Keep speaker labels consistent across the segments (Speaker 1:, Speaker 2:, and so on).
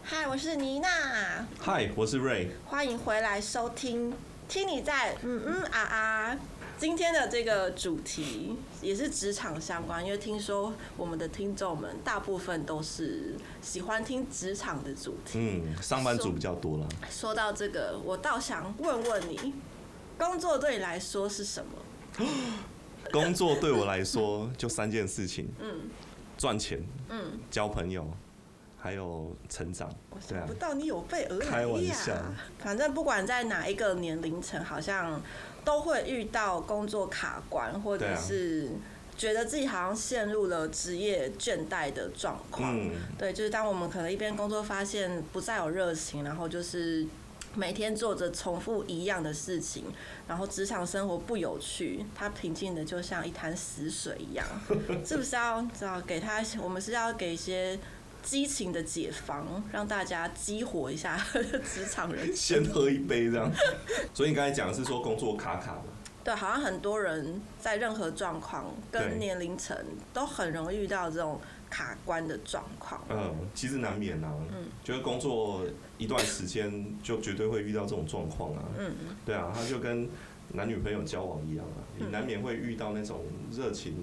Speaker 1: 嗨，Hi, 我是妮娜。
Speaker 2: 嗨，我是 Ray。歡
Speaker 1: 迎回來收聽《聽你在》，嗯嗯、啊啊！今天的這個主題也是職場相關，因為聽說我們的聽眾們大部分都是喜歡聽職場的主
Speaker 2: 題，嗯，上班族比較多了
Speaker 1: 說。說到這個，我倒想問問你。工作對你來說是什麼？
Speaker 2: 工作對我來說就三件事情： 嗯，賺錢，嗯，交朋友，還有成長。我想不
Speaker 1: 到你有備而來啊。開玩笑，反正不管在哪一個年齡層，好像都會遇到工作卡關，或者是覺得自己好像陷入了職業倦怠的狀況。嗯，對，就是當我們可能一邊工作，發現不再有熱情，然後就是。每天做着重複一樣的事情，然後職場生活不有趣，他平靜的就像一潭死水一樣，是不是要知道給他？我們是要給一些激情的解方，讓大家激活一下職場人。先喝一
Speaker 2: 杯，這樣。 所以你剛才講的是說工作卡卡的。
Speaker 1: 對，好像很多人在任何狀況跟年齡層都很容易遇到這種。卡關的狀況。嗯，
Speaker 2: 其實難免啊，嗯、就是工作一段時間就絕對會遇到這種狀況啊。嗯嗯，對啊，他就跟男女朋友交往一樣啊，嗯、你難免會遇到那種熱情、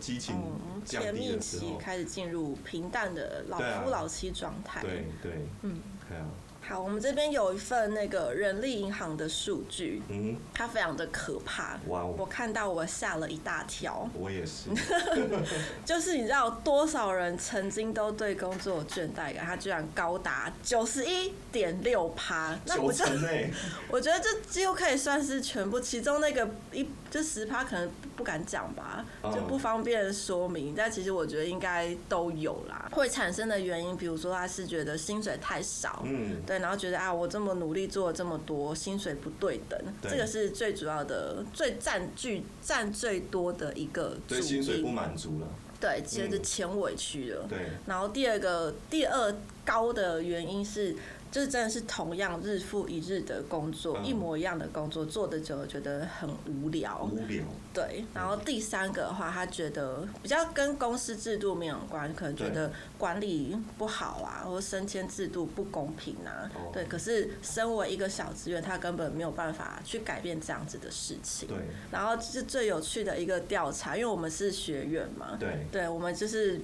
Speaker 2: 激情降低的時候，哦、開
Speaker 1: 始進入平淡的老夫老妻狀態。對對，嗯，對啊。對對，嗯，對啊。好，我們這邊有一份那個人力銀行的數據，嗯，它非常的可怕，哇 Wow，我看到我嚇了一大跳，我也是， 就是你知道多少人曾經都對工作有倦怠感，它居然高達九十一點六趴，九成耶，我覺得這幾乎可以算是全部，其中那個一就十趴可能不敢講吧，就不方便說明，uh. 但其實我覺得應該都有啦，會產生的原因，比如說他是覺得薪水太少，嗯，對。然後覺得啊、哎，我這麼努力做了這麼多，薪水不對等，對，這個是最主要的，最占據占最多的一個主因。對薪水不
Speaker 2: 滿足了，
Speaker 1: 對，其實錢委屈了，嗯。對。然後第二個，第二高的原因是。就是真的是同樣日復一日的工作，嗯、一模一樣的工作做得久了，覺得很無聊。無聊表。對，然後第三個的話，他覺得比較跟公司制度沒有關，可能覺得管理不好啊，或升遷制度不公平啊。哦、對，可是身為一個小職員，他根本沒有辦法去改變這樣子的事情。對。然後是最有趣的一個調查，因為我們是學院嘛。對。對我們就是。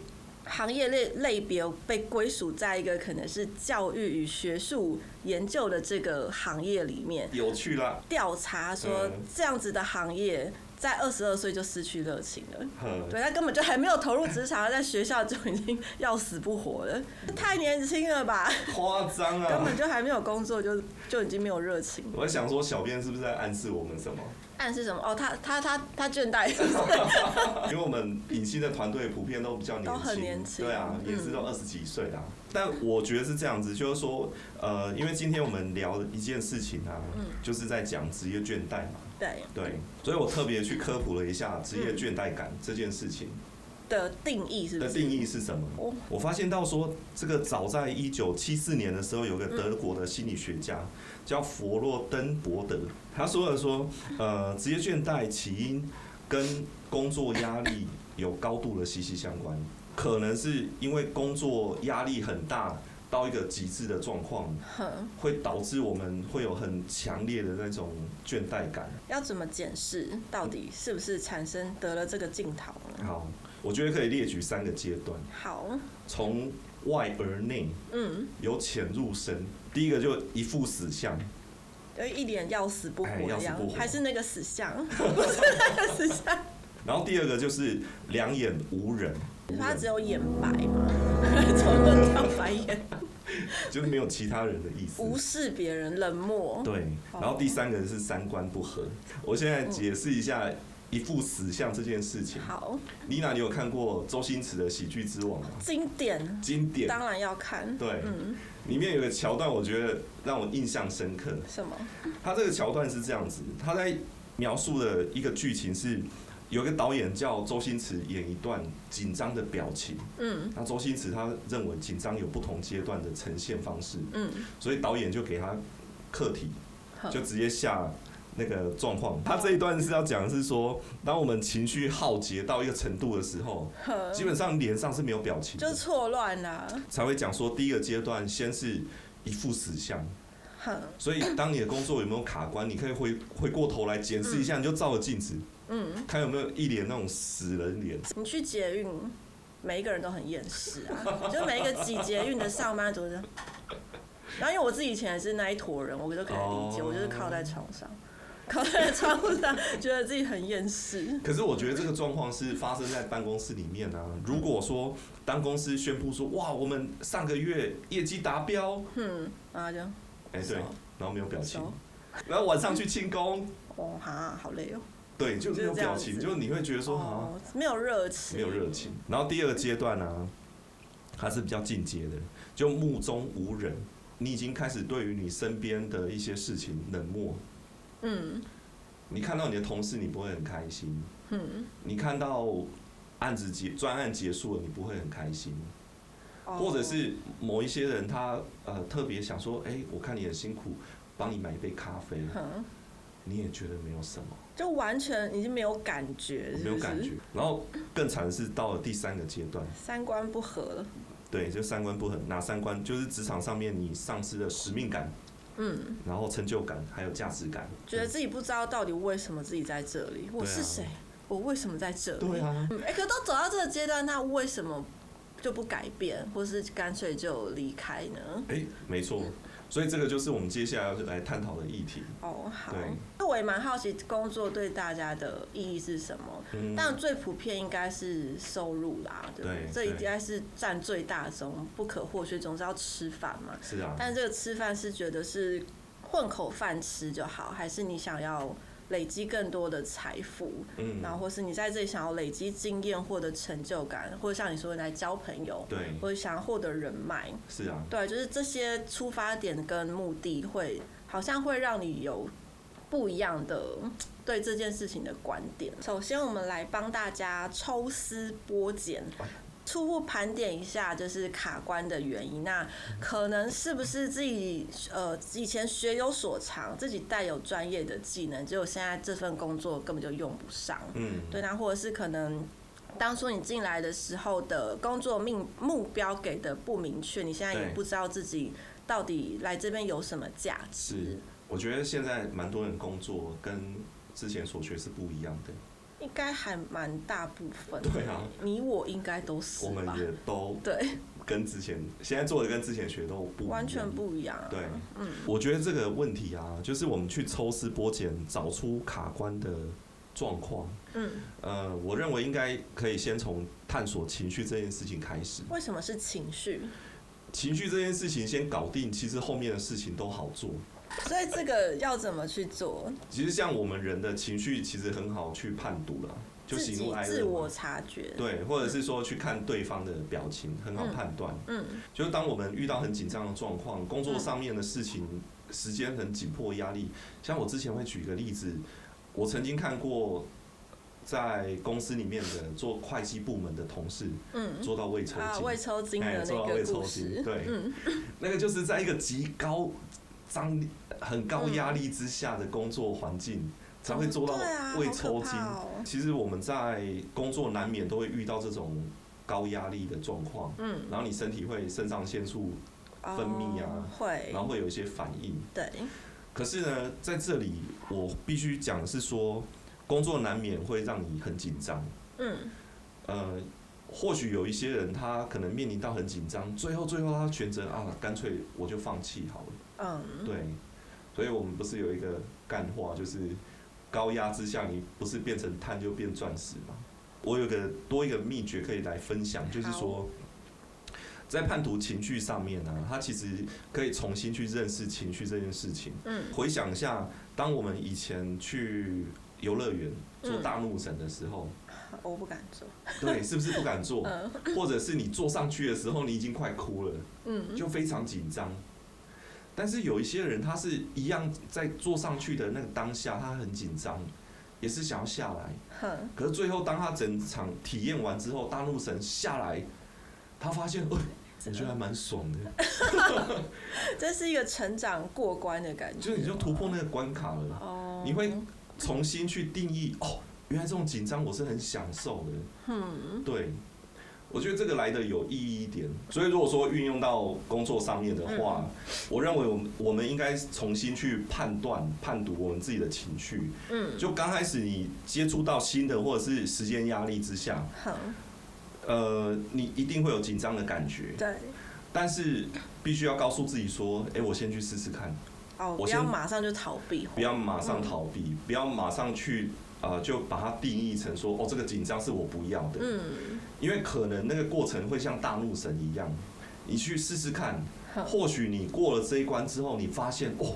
Speaker 1: 行業類類別被歸屬在一個可能是教育與學術研究的這個行業裡面，
Speaker 2: 有趣啦。
Speaker 1: 調查說這樣子的行業。在二十二歲就失去熱情
Speaker 2: 了，呵對，他
Speaker 1: 根本就還沒有投入職場，在學校就已經要死不活了，太年輕了吧？
Speaker 2: 誇張啊！根本就
Speaker 1: 還沒有工作就，就就已經沒有熱情。我在
Speaker 2: 想說，小編是不是在暗示我們什麼？
Speaker 1: 暗示什麼？哦，他他他他倦怠，是不是？
Speaker 2: 因為我們影星的團隊普遍都比較年輕，都很年輕，對啊，也是都二十幾歲啊。嗯、但我覺得是這樣子，就是說，呃，因為今天我們聊的一件事情啊，嗯、就是在講職業倦怠嘛。對，啊、對，所以，我特別去科普了一下職業倦怠感，這件事情、嗯、
Speaker 1: 的定義是，
Speaker 2: 是的定義是什麼？哦、我發現到說，這個早在一九七四年的時候，有個德國的心理學家叫弗洛登伯德，他說了說，呃，職業倦怠起因跟工作壓力有高度的息息相關，可能是因為工作壓力很大。到一個極致的狀況，呵會導致我們會有很強烈的那種倦怠感。
Speaker 1: 要怎麼檢視到底是不是產生得了這個症頭？嗯、
Speaker 2: 好，我覺得可以列舉三個階段。好，從外而內，嗯，由淺入深。第一個就一副死相，
Speaker 1: 有一臉要死不活一樣，要死不活還是那個死相，
Speaker 2: 死相。然後第二個就是兩眼無人，
Speaker 1: 他只有眼白嘛，全部掉白眼。
Speaker 2: 就是沒有其他人的意思，無
Speaker 1: 視別人，冷漠。對，然後第
Speaker 2: 三個人是三觀不合。我現在解釋一下一副死相這件事情。好，妮娜，你有看過周星馳的《喜劇之王》嗎？
Speaker 1: 經典，
Speaker 2: 經典，當
Speaker 1: 然要看。對，
Speaker 2: 裡面有個橋段，我覺得讓我印象深刻。
Speaker 1: 什麼？
Speaker 2: 他這個橋段是這樣子，他在描述的一個劇情是。有一個導演叫周星馳，演一段緊張的表情。嗯，那周星馳他認為緊張有不同階段的呈現方式。嗯，所以導演就給他課題，
Speaker 1: 呵就直
Speaker 2: 接下那個狀況。他這一段是要講的是說，當我們情緒耗竭到一個程度的時候，呵基本上臉上是沒有表情，就
Speaker 1: 錯亂了。
Speaker 2: 才會講說，第一個階段先是一副死相。
Speaker 1: 呵所以
Speaker 2: 當你的工作有沒有卡關，你可以回回過頭來檢視一下，嗯、你就照鏡子。嗯，他有沒有一臉那種死人臉？你
Speaker 1: 去捷運，每一個人都很厭世啊，就每一個擠捷運的上班族子。然後因為我自己以前也是那一坨人，我都可以理解，我就是靠在床上，
Speaker 2: 靠在窗
Speaker 1: 戶上，覺得自己很厭世。可是我覺
Speaker 2: 得這個狀況是發生在辦公室裡面呢。如果說當公司宣布說，哇，我們上個月業績達標，
Speaker 1: 嗯，然後就，哎對，
Speaker 2: 然後沒有表情，然後晚上去慶
Speaker 1: 功，哦，哈，好累哦。
Speaker 2: 對，就是沒有表情，就是你會覺得說，哈、
Speaker 1: 哦，沒有熱情、啊，沒有
Speaker 2: 熱情。然後第二個階段呢、啊，還 是比較進階的，就目中無人，你已經開始對於你身邊的一些事情冷漠。嗯。你看到你的同事，你不會很開心。嗯。你看到案子結專案結束了，你不會很開心。嗯、或者是某一些人他，他呃特別想說，哎、欸，我看你很辛苦，幫你買一杯咖啡。嗯。你也覺得沒有什
Speaker 1: 麼，就完全已經沒有感覺是不是？哦，沒有感覺。
Speaker 2: 然後更慘的是到了第三個階段，
Speaker 1: 三觀不合了。
Speaker 2: 對，就三觀不合，哪三觀？就是職場上面你喪失了使命感，嗯，然後成就感還有價值感，
Speaker 1: 覺得自己不知道到底為什麼自己在這裡，嗯、我是誰，啊、我為什麼在這裡？對啊，哎、欸，可都走到這個階段，那為什麼就不改變，或是乾脆就離開呢？哎、
Speaker 2: 欸，沒錯。所以這個就是我們接下來要來探討的議題。哦，好。那
Speaker 1: 對我也蠻好奇工作對大家的意義是什麼？但、嗯、最普遍應該是收入啦，對，對對這應該是佔最大宗，不可或缺，總是要吃飯嘛。是啊。但這個吃飯是覺得是混口飯吃就好，還是你想要？累積更多的財富，嗯，然後或是你在這裡想要累積經驗，獲得成就感，或者像你說的來交朋友，對，或者想要獲得人脈，是啊，對，就是這些出發點跟目的會，會好像會讓你有不一樣的對這件事情的觀點。首先，我們來幫大家抽絲剝繭。啊初步盤點一下，就是卡關的原因。那可能是不是自己呃以前學有所長，自己帶有專業的技能，結果現在這份工作根本就用不上。嗯，對啊。那或者是可能當初你進來的時候的工作命目標給的不明確，你現在也不知道自己到底來這邊有什麼價值。
Speaker 2: 是，我覺得現在蠻多人工作跟之前所學是不一樣的。
Speaker 1: 應該還蠻大部分，對啊，你我應該都是，我們
Speaker 2: 也都對，跟之前對現在做的跟之前學都不完
Speaker 1: 全不一樣，對，嗯，
Speaker 2: 我覺得這個問題啊，就是我們去抽絲剝繭，找出卡關的狀況，嗯，呃，我認為應該可以先從探索情緒這件事情開始。
Speaker 1: 為什麼是情緒？
Speaker 2: 情緒這件事情先搞定，其實後面的事情都好做。
Speaker 1: 所以這個要怎麼去做？
Speaker 2: 其實像我們人的情緒，其實很好去判讀了，就喜怒哀樂，自我
Speaker 1: 察覺。對，
Speaker 2: 或者是說去看對方的表情，很好判斷。嗯，就是當我們遇到很緊張的狀況，工作上面的事情，時間很緊迫，壓力。像我之前會舉一個例子，我曾經看過在公司裡面的做會計部門的同事，嗯，做到胃抽筋，胃抽筋，哎，做到胃抽筋，對，那個就是在一個極高。張很高壓力之下的工作環境才會做到胃抽筋。其實我們在工作難免都會遇到這種高壓力的狀況。然後你身體會腎上腺素分泌啊，然
Speaker 1: 後會
Speaker 2: 有一些反應。對。可是呢，在這裡我必須講的是說，工作難免會讓你很緊張。嗯。呃，或許有一些人他可能面臨到很緊張，最後最後他選擇啊，乾脆我就放棄好了。嗯，um, 對，所以我們不是有一個幹話，就是高壓之下，你不是變成碳就變鑽石嗎？我有個多一個秘訣可以來分享，就是說，好在叛徒情緒上面呢、啊，他其實可以重新去認識情緒這件事情。嗯，um, 回想一下，當我們以前去遊樂園坐大怒神的時候，
Speaker 1: 我不敢坐，對，是不是不敢坐？ 或
Speaker 2: 者是你坐上去的時候，你已經快哭了。嗯，就非常緊張。但是有一些人，他是一樣在坐上去的那個當下，他很緊張，也是想要下來。哼呵。可是最後，當他整場體驗完之後，大怒神下來，他發現，哦，的我覺得還蠻爽的。
Speaker 1: 這是一個成長過關的感覺。就是你就
Speaker 2: 突破那個關卡了。哦、你會重新去定義，哦，原來這種緊張我是很享受的。嗯、對。我覺得這個來的有意義一點，所以如果說運用到工作上面的話，我認為我們我們應該重新去判斷、判讀我們自己的情緒。嗯，就剛開始你接觸到新的或者是時間壓力之下，好，呃，你一定會有緊張的感覺。對，但是必須要告訴自己說：“哎，我先去試試看。”
Speaker 1: 哦，不要馬
Speaker 2: 上就逃避，不要馬上逃避，不要馬上去啊、呃，就把它定義成說：“哦，這個緊張是我不要的。”嗯。因為可能那個過程會像大怒神一樣，你去試試看，或許你過了這一關之後，你發現哦，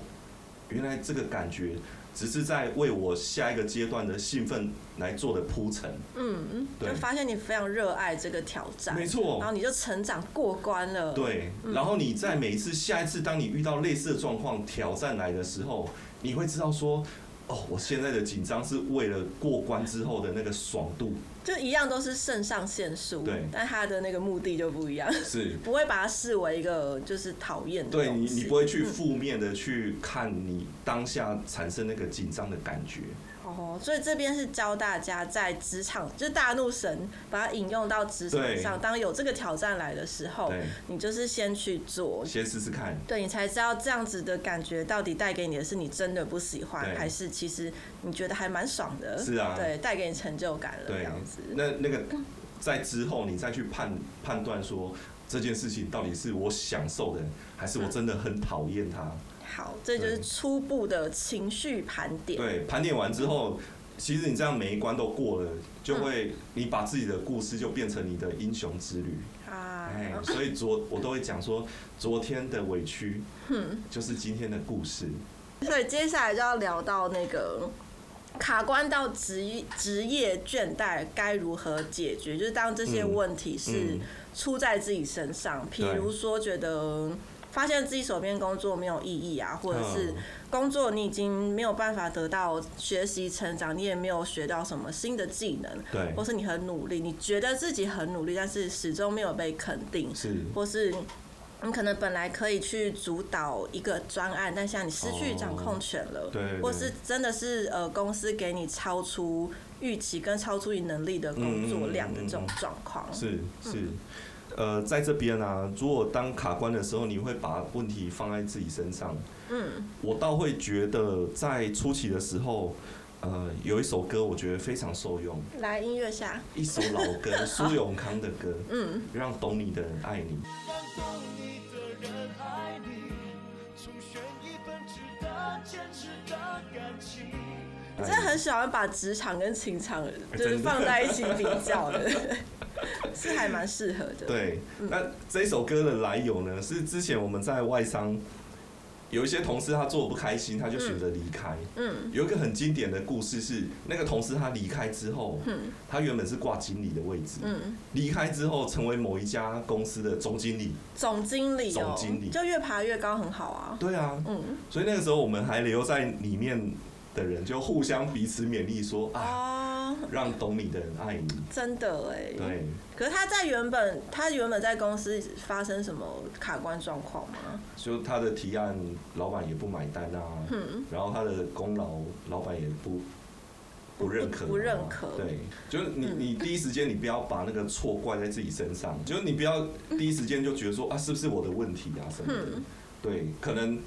Speaker 2: 原來這個感覺只是在為我下一個階段的興奮來做的鋪陳。嗯嗯，
Speaker 1: 對，就發現你非常熱愛這個挑戰，沒錯，然後你就成長過關了。對，
Speaker 2: 然後你在每一次下一次當你遇到類似的狀況挑戰來的時候，你會知道說。哦，我現在的緊張是為了過關之後的那個爽度，
Speaker 1: 就一樣都是腎上腺素。對，但它的那個目的就不一樣，是不會把它視為一個就是討厭的東西，對，你你不會去負
Speaker 2: 面的去看你當下產生那個緊張的感覺。嗯嗯
Speaker 1: 哦、所以這邊是教大家在職場，就是大怒神把它引用到職場上，對當有這個挑戰來的時候，對你就是先去做，先試試看，對，你才知道這樣子的感覺到底帶給你的是你真的不喜歡，對還是其實你覺得還蠻爽的。是啊，對，帶給你成就感了，
Speaker 2: 這樣子對。那那個在之後你再去判判斷說這件事情到底是我享受的，還是我真的很討厭它。啊好，這
Speaker 1: 就是初步的情緒盤點。對，盤點完之後，
Speaker 2: 其實你這樣每一關都過了，就會你把自己的故事就變成你的英雄之旅。
Speaker 1: 啊、哎呀，哎，所以
Speaker 2: 昨我都會講說， 昨天的委屈，就是今天的故事。
Speaker 1: 所以接下來就要聊到那個卡關到職職業倦怠該如何解決，就是當這些問題是出在自己身上，嗯嗯、比如說覺得。發現自己手邊工作沒有意義啊，或者是工作你已經沒有辦法得到學習成長，你也沒有學到什麼新的技能，對，或是你很努力，你覺得自己很努力，但是始終沒有被肯定，是，或是你可能本來可以去主導一個專案，但現在你失去掌控權了，哦、對，對，或是真的是呃公司給你超出預期跟超出你能力的工作量的這種狀況，是、嗯嗯嗯、是。是嗯
Speaker 2: 呃，在這邊呢、啊，如果當卡關的時候，你會把問題放在自己身上。嗯，我倒會覺得在初期的時候，呃，有一首歌我覺得非常受用。
Speaker 1: 來音樂下。一首老
Speaker 2: 歌，蘇 好永康的歌。嗯。讓懂你的人愛你。讓懂
Speaker 1: 你的人愛你，重選一份值得堅持的感情。真的很喜歡把職場跟情場就是放在一起比較的、欸。 是還蠻適合
Speaker 2: 的。對，嗯、那這首歌的來由呢？是之前我們在外商，有一些同事他做不開心，他就選擇離開。嗯，有一個很經典的故事是，那個同事他離開之後，嗯、他原本是掛經理的位置，嗯，離開之後成為某一家公司的總經理，
Speaker 1: 總經理，哦、總經理，總經理，就越爬越高，很好啊。對啊，嗯，
Speaker 2: 所以那個時候我們還留在裡面的人就互相彼此勉勵說，啊。哦讓懂你的人愛你。
Speaker 1: 真的哎。對。可是他在原本，他原本在公司發生什麼卡關狀況嗎？
Speaker 2: 就他的提案，老板也不買單啊。嗯、然後他的功勞，老板也不不認，好不，好不認可，不認可。對，就是你，你第一時間你不要把那個錯怪在自己身上，嗯、就是你不要第一時間就覺得說、嗯、啊，是不是我的問題啊什麼的。嗯、對，可能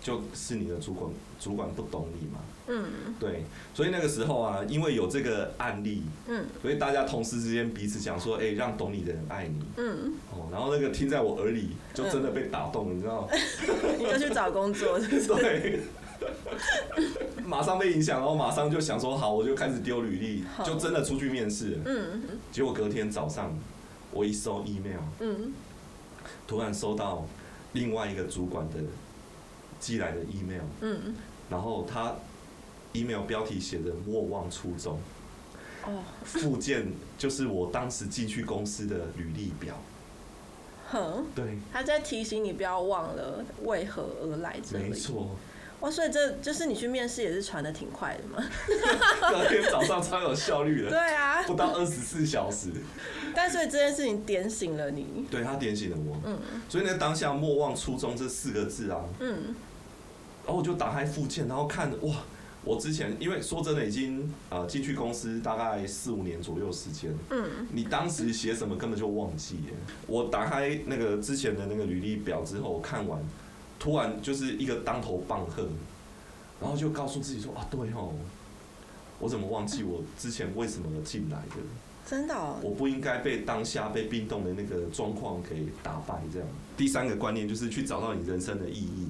Speaker 2: 就是你的主管。主管不懂你嘛？嗯，對，所以那個時候啊，因為有這個案例，嗯，所以大家同事之間彼此想說，哎、欸，讓懂你的人愛你。
Speaker 1: 嗯，哦、
Speaker 2: 喔，然後那個聽在我耳裡，就真的被打動了，嗯、你知道？
Speaker 1: 你就去找
Speaker 2: 工作是不是？對。 馬上被影響，然後馬上就想說，好，我就開始丟履歷，好就真的出去面試。嗯。結果隔天早上，我一收 email，嗯，突然收到另外一個主管的。寄來的 email，嗯嗯，然後他 email 標題寫着“莫忘初衷”，哦，附件就是我當時寄去公司的履歷表。
Speaker 1: 哼，對，他在提醒你不要忘了為何而來
Speaker 2: 而。沒錯錯，
Speaker 1: 哇，所以這就是你去面試也是傳得挺快的嘛。
Speaker 2: 當 天早上超有效率的，對啊，不到二十四小時。
Speaker 1: 但是這件事情點醒了你，
Speaker 2: 對，他點醒了我，嗯，所以呢，當下“莫忘初衷”這四個字啊，嗯。然後我就打開附件，然後看，哇，我之前因為說真的已經啊、呃，進去公司大概四五年左右時間，嗯嗯，你當時寫什麼根本就忘記耶。我打開那個之前的那個履歷表之後，看完，突然就是一個當頭棒喝，然後就告訴自己說，啊，對哦，我怎麼忘記我之前為什麼進來的？
Speaker 1: 真的、嗯？我
Speaker 2: 不應該被當下被冰凍的那個狀況給打敗這樣。第三個觀念就是去找到你人生的意義。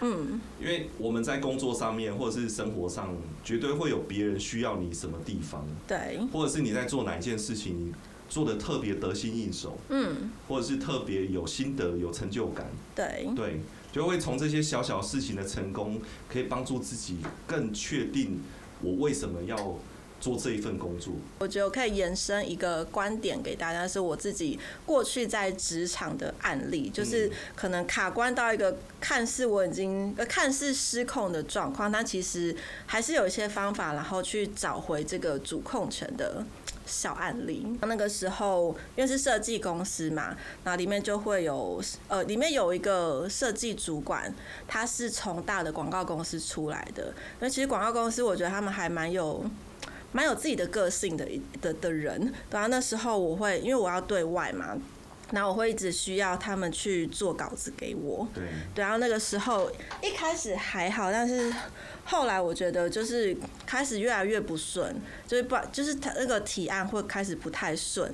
Speaker 2: 嗯，因為我們在工作上面或者是生活上，絕對會有別人需要你什麼地方，對，或者是你在做哪一件事情，你做的特別得心應手，嗯，或者是特別有心得、有成就感，對，對，就會從這些小小事情的成功，可以幫助自己更確定我為什麼要。做這一份工作，
Speaker 1: 我覺得可以延伸一個觀點給大家，是我自己過去在職場的案例，就是可能卡關到一個看似我已經呃看似失控的狀況，但其實還是有一些方法，然後去找回這個主控權的小案例。那個時候因為是設計公司嘛，那裡面就會有呃，裡面有一個設計主管，他是從大的廣告公司出來的，那其實廣告公司我覺得他們還蠻有。蠻有自己的個性的的的的人，然後、啊、那時候我會因為我要對外嘛，然後我會一直需要他們去做稿子給我，對，然後、啊、那個時候一開始還好，但是。後來我覺得就是開始越來越不順，就是不就是他那個提案會開始不太順，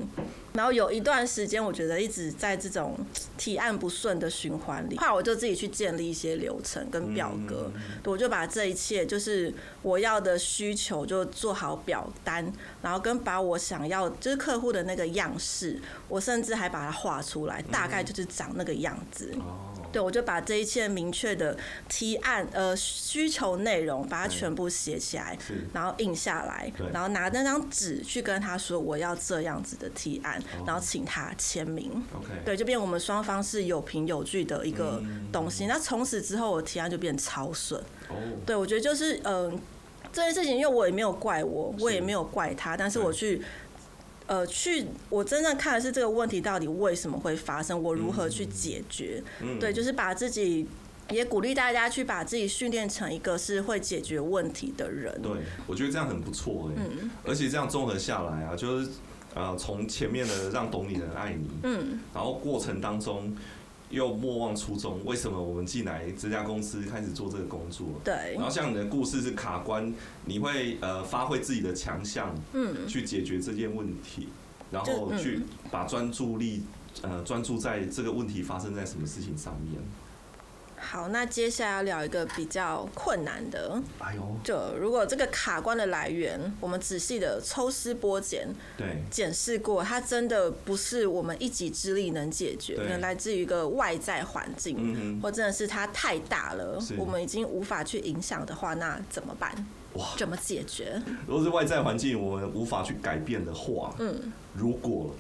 Speaker 1: 然後有一段時間我覺得一直在這種提案不順的循環裡，後來我就自己去建立一些流程跟表格，嗯對，我就把這一切就是我要的需求就做好表單，然後跟把我想要就是客戶的那個樣式，我甚至還把它畫出來，大概就是長那個樣子。嗯、對我就把這一切明確的提案呃需求內。把它全部寫起來，是然後印下來，對然後拿那張紙去跟他說我要這樣子的提案，哦、然後請他簽名。Okay 對，就變我們雙方是有憑有據的一個東西。嗯、那從此之後，我提案就變超順。哦、對，我覺得就是嗯、呃，這件事情，因為我也沒有怪我，是我也沒有怪他，但是我去，嗯、呃，去，我真正看的是這個問題到底為什麼會發生，我如何去解決。嗯、對，就是把自己。也鼓勵大家去把自己訓練成一個是會解決問題的人。對，
Speaker 2: 我覺得這樣很不錯誒、欸，嗯、而且這樣綜合下來啊，就是呃，從前面的讓懂你的人愛你，嗯，然後過程當中又莫忘初衷，為什麼我們進來這家公司開始做這個工作？
Speaker 1: 對。然後像你的
Speaker 2: 故事是卡關，你會呃發揮自己的強項，嗯，去解決這件問題，嗯、然後去把專注力呃專注在這個問題發生在什麼事情上面。
Speaker 1: 好，那接下來要聊一個比較困難的。哎呦，就如果這個卡關的來源，我們仔細的抽絲剝繭，對，檢視過，它真的不是我們一己之力能解決的，對能來自於一個外在環境，嗯、哼或真的是它太大
Speaker 2: 了，是我們已
Speaker 1: 經無法去影響的話，那怎麼辦？哇，怎麼解決？
Speaker 2: 如果是外在環境我們無法去改變的話，嗯，如果。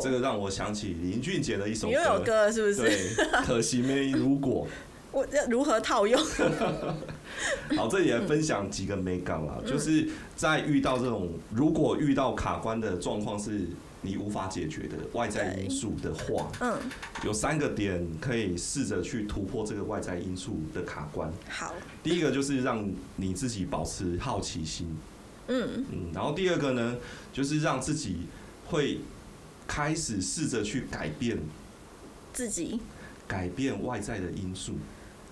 Speaker 2: 這個讓我想起林俊傑的一首歌，歌是不是？對 可惜沒如果。
Speaker 1: 我這如何套用？
Speaker 2: 好，這裡來分享幾個美感啊，嗯、就是在遇到這種、嗯、如果遇到卡關的狀況是你無法解決的外在因素的話，嗯，有三個點可以試着去突破這個外在因素的卡關。好，第一個就是讓你自己保持好奇心。嗯嗯，然後第二個呢，就是讓自己會。開始試着去改變自己，改變外在的因素，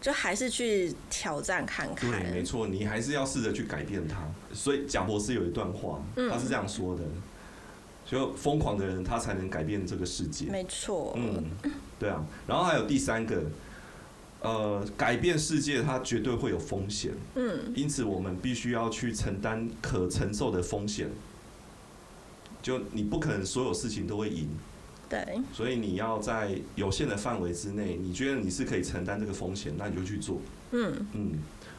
Speaker 1: 就還是去挑戰看看。
Speaker 2: 對，沒錯，你還是要試着去改變它。所以，賈伯斯有一段話，他是這樣說的：就瘋狂的人，他才能改變這個世界。沒錯，嗯，對啊。然後還有第三個，呃，改變世界，它絕對會有風險。嗯，因此我們必須要去承擔可承受的風險。就你不可能所有事情都會贏，對，所以你要在有限的範圍之內，你覺得你是可以承擔這個風險，那你就去做。嗯嗯，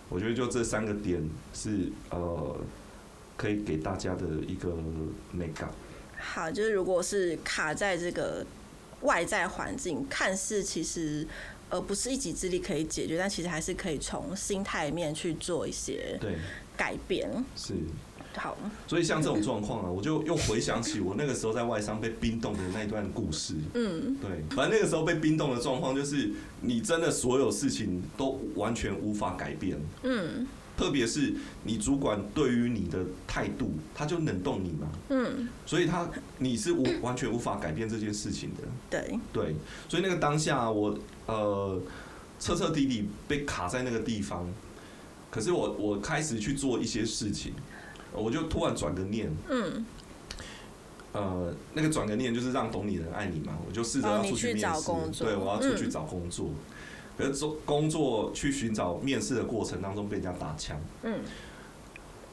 Speaker 2: 我覺得就這三個點是呃，可以給大家的一個美感。
Speaker 1: 好，就是如果是卡在這個外在環境，看似其實呃，不是一己之力可以解決，但其實還是可以從心態面去做一些對改變。是。好，所以像這種
Speaker 2: 狀況啊，我就又回想起我那個時候在外商被冰凍的那一段故事。嗯，對，反正那個時候被冰凍的狀況就是，你真的所有事情都完全無法改變。嗯，特別是你主管對於你的態度，他就冷凍你嘛，嗯，所以他你是無完全無法改變這件事情的。對，對，所以那個當下我，我呃徹徹底底被卡在那個地方。可是我我開始去做一些事情。我就突然轉個念，嗯，呃，那個轉個念就是讓懂你的人愛你嘛。我就試着要出去面試，哦、找工作，對，我要出去找工作。嗯、可是做工作去尋找面試的過程當中被人家打槍，嗯。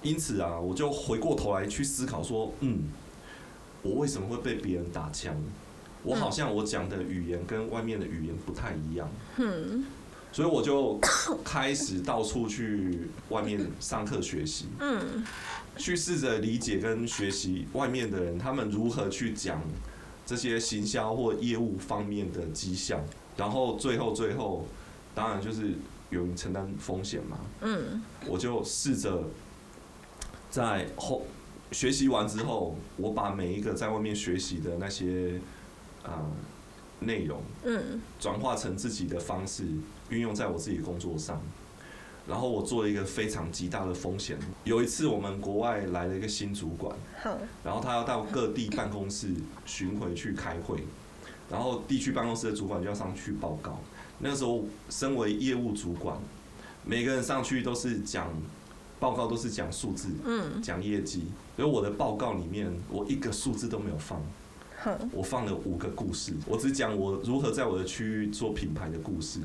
Speaker 2: 因此啊，我就回過頭來去思考說，嗯，我為什麼會被別人打槍？
Speaker 1: 我好像
Speaker 2: 我講的語言跟外面的語言不太一樣，嗯。
Speaker 1: 嗯
Speaker 2: 所以我就開始到處去外面上課學習，去試着理解跟學習外面的人他們如何去講這些行銷或業務方面的跡象，然後最後最後，當然就是勇於承擔風險嘛，我就試着在後學習完之後，我把每一個在外面學習的那些啊、呃、內容，轉化成自己的方式。運用在我自己的工作上，然後我做了一個非常極大的風險。有一次，我們國外來了一個新主管，好然後他要到各地辦公室巡迴去開會，然後地區辦公室的主管就要上去報告。那時候，身為業務主管，每個人上去都是講報告，都是講數字，嗯，講業績。所以我的報告裡面，我一個數字都沒有放。我放了五個故事，我只講我如何在我的區域做品牌的故事。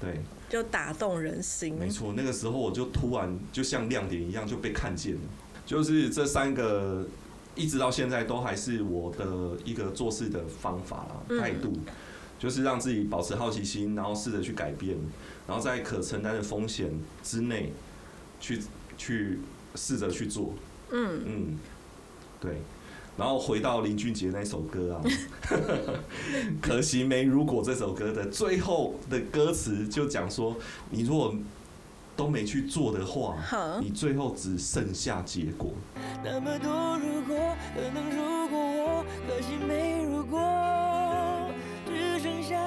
Speaker 2: 對，
Speaker 1: 就打動人
Speaker 2: 心。沒錯，那個時候我就突然就像亮點一樣就被看見了。就是這三個，一直到現在都還是我的一個做事的方法啦，嗯，態度，就是讓自己保持好奇心，然後試着去改變，然後在可承擔的風險之內去去試着去做。
Speaker 1: 嗯
Speaker 2: 嗯，對。然後回到林俊傑那首歌啊，可惜沒如果，這首歌的最後的歌詞就講說，你如果都沒去做的話，你最後只剩下結果。
Speaker 1: 那麼多如果，可能如果我，可惜沒如果，只剩下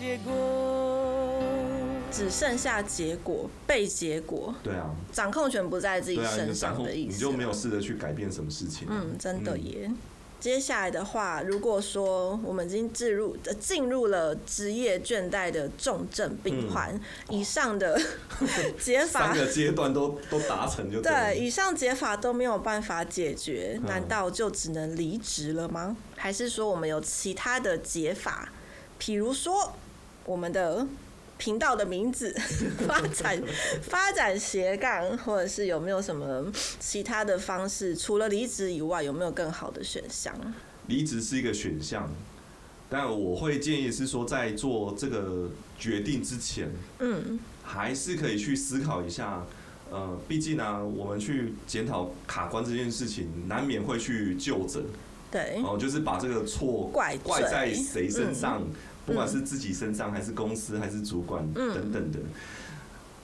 Speaker 1: 結果。只剩下結果，被結果對啊，掌控權不在自己身上的意思、啊你，
Speaker 2: 你就沒有試着去改變什麼事情？嗯，
Speaker 1: 真的耶。嗯、接下來的話，如果說我們已經置入，呃、進入了職業倦怠的重症病患、嗯、以上的、哦、 解法， 三個階
Speaker 2: 段都都達成就對，對。以
Speaker 1: 上解法都沒有辦法解決，難道就只能離職了嗎？嗯、還是說我們有其他的解法？比如說我們的。頻道的名字發展發展斜槓，或者是有沒有什麼其他的方式？除了離職以外，有沒有更好的選項？
Speaker 2: 離職是一個選項，但我會建議是說，在做這個決定之前，嗯，還是可以去思考一下。呃，畢竟呢、啊，我們去檢討卡關這件事情，難免會去究責，
Speaker 1: 對，哦、呃，
Speaker 2: 就是把這個錯怪在誰身上。不管是自己身上，還是公司，還是主管等等的。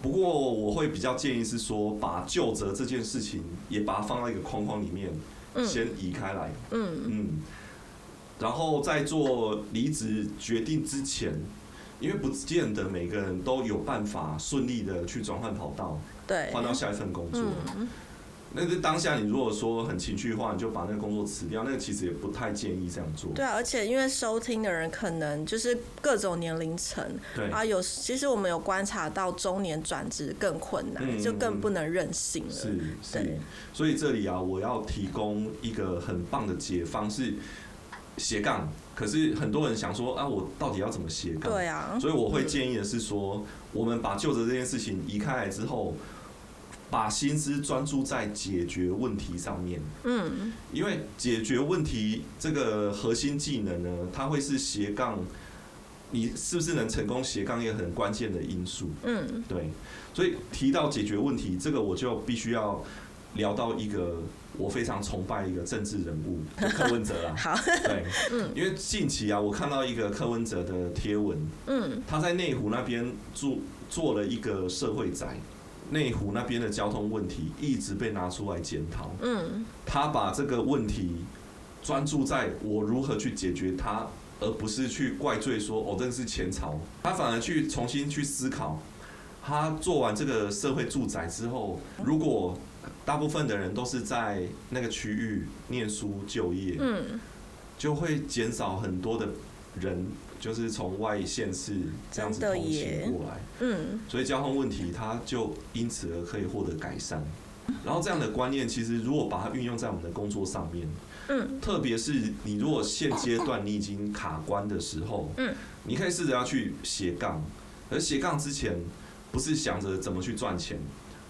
Speaker 2: 不過我會比較建議是說，把就職這件事情也把它放在一個框框裡面，先移開來。嗯嗯。然後在做離職決定之前，因為不見得每個人都有辦法順利的去轉換跑道，
Speaker 1: 換到下
Speaker 2: 一份工作。那個當下你如果說很情緒化，你就把那個工作辭掉，那個其實也不太建議這樣做。對
Speaker 1: 啊，而且因為收聽的人可能就是各種年齡層，對啊，有，有其實我們有觀察到中年轉職更困難，嗯、就更不能任性了。是，是
Speaker 2: 對。所以這裡啊，我要提供一個很棒的解方是斜槓，可是很多人想說啊，我到底要怎麼斜槓？對啊。所以我會建議的是說，嗯、我們把就職這件事情移開來之後。把心思專注在解決問題上面。嗯，因為解決問題這個核心技能呢，它會是斜槓，你是不是能成功斜槓也很關鍵的因素。嗯，對，所以提到解決問題這個，我就必須要聊到一個我非常崇拜一個政治人物柯文哲 好對，嗯、因為近期啊，我看到一個柯文哲的貼文，嗯、他在內湖那邊住做了一個社會宅。內湖那邊的交通問題一直被拿出來檢討。嗯，他把這個問題專注在我如何去解決它，而不是去怪罪說哦，這個是前朝。他反而去重新去思考。他做完這個社會住宅之後，如果大部分的人都是在那個區域念書就業，嗯，就會減少很多的人。就是從外縣市這樣子通行過來，嗯，所以交通問題它就因此而可以獲得改善。然後這樣的觀念，其實如果把它運用在我們的工作上面，嗯，特別是你如果現階段你已經卡關的時候，嗯，你可以試着要去斜槓，而斜槓之前不是想着怎麼去賺錢。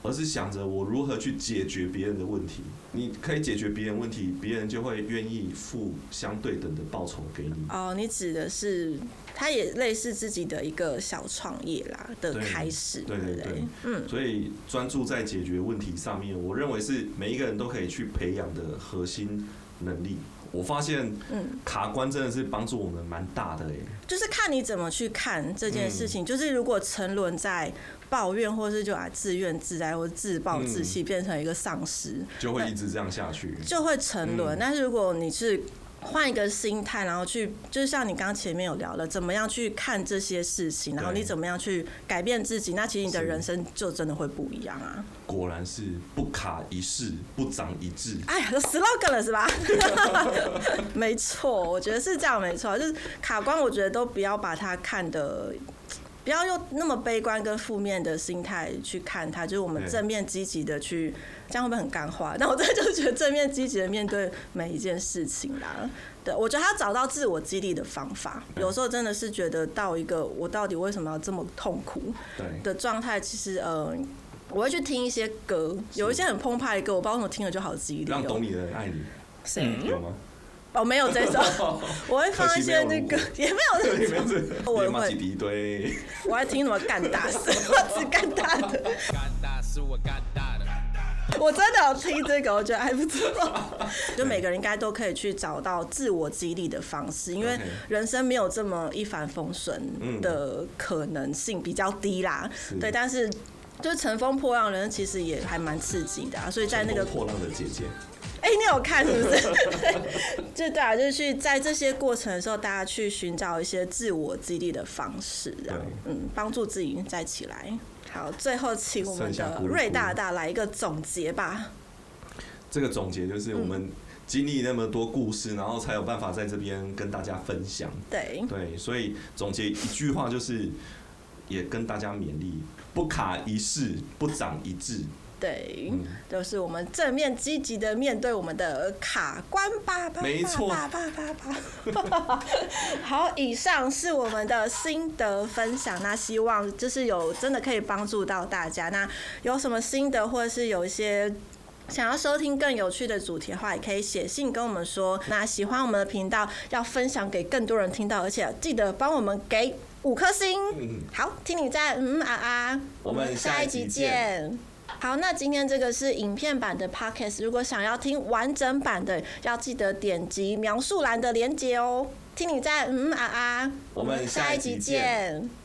Speaker 2: 而是想着我如何去解決別人的問題，你可以解決別人問題，別人就會願意付相對等的報酬給你。
Speaker 1: 哦，你指的是，他也類似自己的一個小創業啦的
Speaker 2: 開始，對，對對對，嗯，所以專注在解決問題上面，我認為是每一個人都可以去培養的核心能力，我發現，嗯，卡關真的是幫助我們蠻大的、欸、
Speaker 1: 就是看你怎麼去看這件事情，嗯、就是如果沉淪在抱怨，或是就啊自怨自艾，或自暴自棄，變成一個喪屍、嗯，
Speaker 2: 就會一直這樣下去，
Speaker 1: 就會沉淪。嗯、但是如果你是換一個心態，然後去，就是像你剛剛前面有聊了，怎麼樣去看這些事情，對然後你怎麼樣去改變自己，那其實你的人生就真的會不一樣啊！
Speaker 2: 果然是不卡一世不長一智，
Speaker 1: 哎呀，都，slogan 了是吧？沒錯，我覺得是這樣，沒錯，就是卡關，我覺得都不要把它看的。不要用那麼悲觀跟負面的心態去看他，就是我們正面積極的去，欸、這樣會不會很乾話？但我真的就覺得正面積極的面對每一件事情啦、啊。對，我覺得他找到自我激勵的方法，嗯、有時候真的是覺得到一個我到底為什麼要這麼痛苦的狀態，對其實呃，我會去聽一些歌，是有一些很澎湃的歌，我包括我聽了就好激勵、哦，讓懂你
Speaker 2: 的愛你，是，嗯、有嗎？
Speaker 1: 哦，沒有這首，我會放一些那個，也沒有什麼。我會我還聽什麼幹大事，我只幹大的。我真的有聽這個，我覺得還不錯。就每個人應該都可以去找到自我激勵的方式，因為人生沒有這麼一帆風順的可能性比較低啦。對，但是就乘風破浪的人其實也還蠻刺激的啊。所以在那個破浪的姐姐。哎、欸，你有看是不是？ 就對啊，就是去在這些過程的時候，大家去尋找一些自我激勵的方式、啊，這樣對，嗯，幫助自己再起來。好，最後請我們的瑞大大來一個總結吧。鍋鍋
Speaker 2: 這個總結就是我們經歷那麼多故事，嗯、然後才有辦法在這邊跟大家分享。對對，所以總結一句話就是，也跟大家勉勵：不卡一事，不長一智。
Speaker 1: 對，都、嗯、是我們正面積極的面對我們的卡關吧吧。沒錯錯， 好，以上是我們的心得分享。那希望就是有真的可以幫助到大家。那有什麼心得，或者是有一些想要收聽更有趣的主題的話，也可以寫信跟我們說。那喜歡我們的頻道，要分享給更多人聽到，而且記得幫我們給五顆星。嗯、好，聽你在嗯啊啊。啊我們下一集見。好，那今天這個是影片版的 Podcast，如果想要聽完整版的，要記得點擊描述欄的連結哦。聽你在嗯嗯啊啊，我們下一集見。